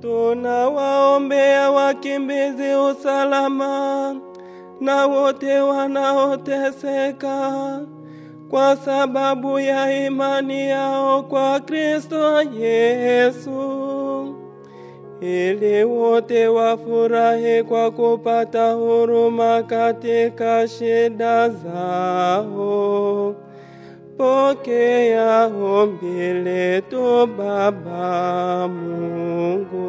Tunawaombea wakimbizi usalama na wote wanaoteseka kwa sababu ya imani yao kwa Kristo Yesu, ili wote wafurahi kwa kupata huruma katika shida zao. Pokea ombi letu Baba Mungu.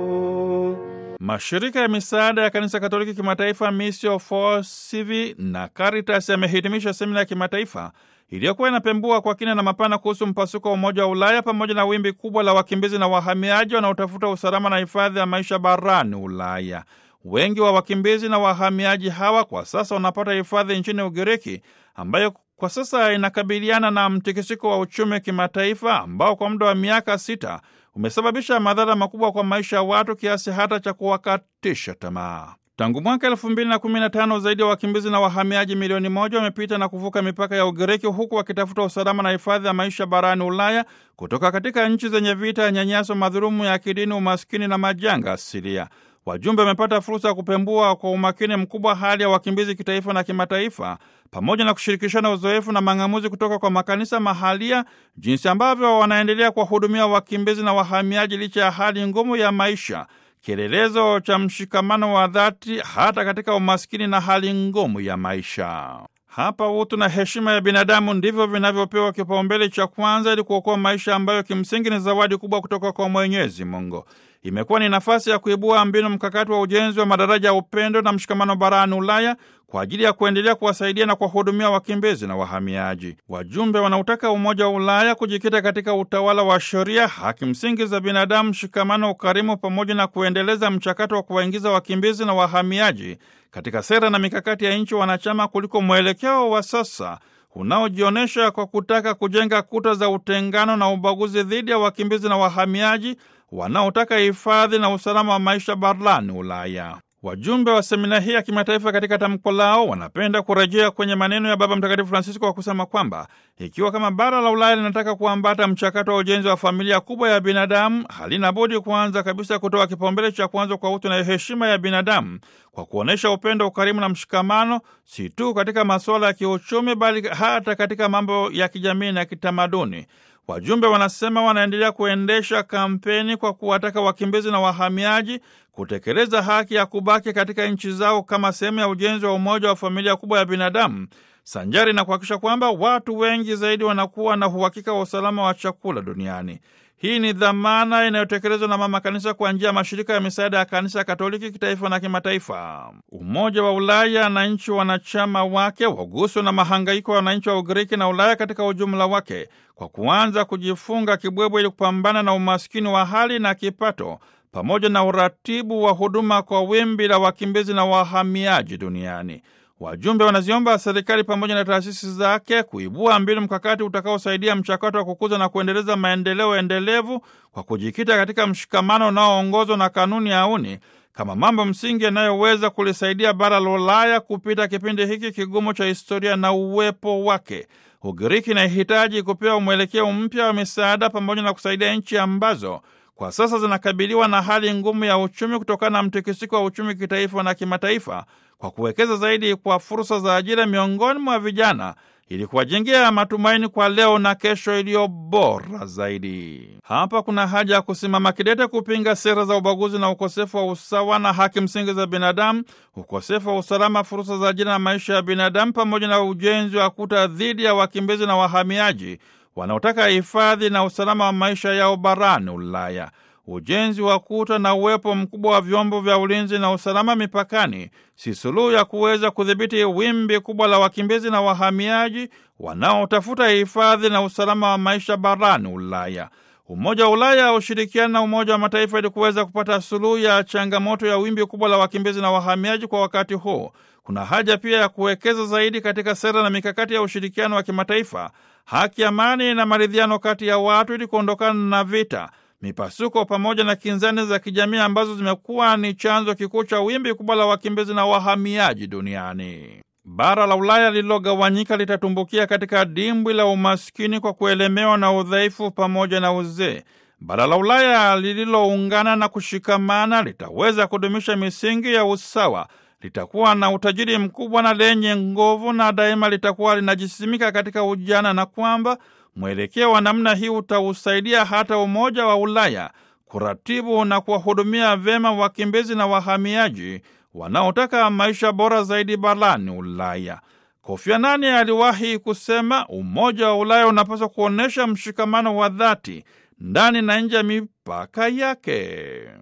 Mashirika ya misaada ya Kanisa Katoliki Kimataifa, Missio Forcivi na Caritas yamehitimisha semina ya kimataifa iliyokuwa inapembua kwa kina na mapana kuhusu mpasuko wa Umoja wa Ulaya pamoja na wimbi kubwa la wakimbizi na wahamiaji wanaotafuta usalama na hifadhi ya maisha barani Ulaya. Wengi wa wakimbizi na wahamiaji hawa kwa sasa wanapata hifadhi nchini Ugiriki ambayo kwa sasa inakabiliana na mtikisiko wa uchumi kimataifa ambao kwa muda wa miaka sita umesababisha madhara makubwa kwa maisha ya watu kiasi hata cha kuwakatisha tamaa. Tangu mwaka elfu mbili na kumi na tano zaidi ya wakimbizi na wahamiaji milioni moja wamepita na kuvuka mipaka ya Ugiriki huku wakitafuta usalama na hifadhi ya maisha barani Ulaya kutoka katika nchi zenye vita, nyanyaso, madhulumu ya kidini, umaskini na majanga asilia. Wajumbe wamepata fursa ya kupembua kwa umakini mkubwa hali ya wakimbizi kitaifa na kimataifa, pamoja na kushirikishana uzoefu na mang'amuzi kutoka kwa makanisa mahalia, jinsi ambavyo wanaendelea kuwahudumia wakimbizi na wahamiaji licha ya hali ngumu ya maisha, kielelezo cha mshikamano wa dhati hata katika umaskini na hali ngumu ya maisha. Hapa utu na heshima ya binadamu ndivyo vinavyopewa kipaumbele cha kwanza ili kuokoa maisha ambayo kimsingi ni zawadi kubwa kutoka kwa Mwenyezi Mungu imekuwa ni nafasi ya kuibua mbinu mkakati wa ujenzi wa madaraja ya upendo na mshikamano barani Ulaya kwa ajili ya kuendelea kuwasaidia na kuwahudumia wakimbizi na wahamiaji. Wajumbe wanautaka Umoja wa Ulaya kujikita katika utawala wa sheria, haki msingi za binadamu, mshikamano, ukarimu, pamoja na kuendeleza mchakato wa kuwaingiza wakimbizi na wahamiaji katika sera na mikakati ya nchi wanachama kuliko mwelekeo wa sasa unaojionyesha kwa kutaka kujenga kuta za utengano na ubaguzi dhidi ya wakimbizi na wahamiaji wanaotaka hifadhi na usalama wa maisha barani Ulaya. Wajumbe wa semina hii ya kimataifa katika tamko lao wanapenda kurejea kwenye maneno ya Baba Mtakatifu Francisco kwa kusema kwamba ikiwa kama bara la Ulaya linataka kuambata mchakato wa ujenzi wa familia kubwa ya binadamu, halina budi kuanza kabisa kutoa kipaumbele cha kwanza kwa utu na heshima ya binadamu kwa kuonyesha upendo, ukarimu na mshikamano, si tu katika masuala ya kiuchumi, bali hata katika mambo ya kijamii na kitamaduni. Wajumbe wanasema wanaendelea kuendesha kampeni kwa kuwataka wakimbizi na wahamiaji kutekeleza haki ya kubaki katika nchi zao kama sehemu ya ujenzi wa umoja wa familia kubwa ya binadamu, sanjari na kuhakikisha kwamba watu wengi zaidi wanakuwa na uhakika wa usalama wa chakula duniani. Hii ni dhamana inayotekelezwa na mama kanisa kwa njia ya mashirika ya misaada ya kanisa Katoliki kitaifa na kimataifa. Umoja wa Ulaya na nchi wanachama wake waguswa na mahangaiko ya wananchi wa Ugiriki na Ulaya katika ujumla wake, kwa kuanza kujifunga kibwebwe ili kupambana na umaskini wa hali na kipato, pamoja na uratibu wa huduma kwa wimbi la wakimbizi na wahamiaji duniani. Wajumbe wanaziomba serikali pamoja na taasisi zake kuibua mbinu mkakati utakaosaidia mchakato wa kukuza na kuendeleza maendeleo endelevu kwa kujikita katika mshikamano unaoongozwa na kanuni auni kama mambo msingi yanayoweza kulisaidia bara la Ulaya kupita kipindi hiki kigumu cha historia na uwepo wake. Ugiriki inahitaji kupewa mwelekeo mpya wa misaada pamoja na kusaidia nchi ambazo kwa sasa zinakabiliwa na hali ngumu ya uchumi kutokana na mtikisiko wa uchumi kitaifa na kimataifa, kwa kuwekeza zaidi kwa fursa za ajira miongoni mwa vijana ili kuwajengea matumaini kwa leo na kesho iliyo bora zaidi. Hapa kuna haja ya kusimama kidete kupinga sera za ubaguzi na ukosefu wa usawa na haki msingi za binadamu, ukosefu wa usalama, fursa za ajira na maisha ya binadamu, pamoja na ujenzi wa kuta dhidi ya wakimbizi na wahamiaji wanaotaka hifadhi na usalama wa maisha yao barani Ulaya. Ujenzi wa kuta na uwepo mkubwa wa vyombo vya ulinzi na usalama mipakani si suluhu ya kuweza kudhibiti wimbi kubwa la wakimbizi na wahamiaji wanaotafuta hifadhi na usalama wa maisha barani Ulaya. Umoja wa Ulaya ushirikiana na Umoja wa Mataifa ili kuweza kupata suluhu ya changamoto ya wimbi kubwa la wakimbizi na wahamiaji kwa wakati huu. Kuna haja pia ya kuwekeza zaidi katika sera na mikakati ya ushirikiano wa kimataifa, haki, amani na maridhiano kati ya watu ili kuondokana na vita, mipasuko pamoja na kinzani za kijamii ambazo zimekuwa ni chanzo kikuu cha wimbi kubwa la wakimbizi na wahamiaji duniani. Bara la Ulaya lililogawanyika litatumbukia katika dimbwi la umaskini kwa kuelemewa na udhaifu pamoja na uzee. Bara la Ulaya lililoungana na kushikamana litaweza kudumisha misingi ya usawa, litakuwa na utajiri mkubwa na lenye nguvu, na daima litakuwa linajisimika katika ujana, na kwamba mwelekeo wa namna hii utausaidia hata umoja wa Ulaya kuratibu na kuwahudumia vyema wakimbizi na wahamiaji wanaotaka maisha bora zaidi barani Ulaya. Kofi Annan aliwahi kusema umoja wa Ulaya unapaswa kuonyesha mshikamano wa dhati ndani na nje ya mipaka yake.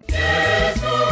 Yesu.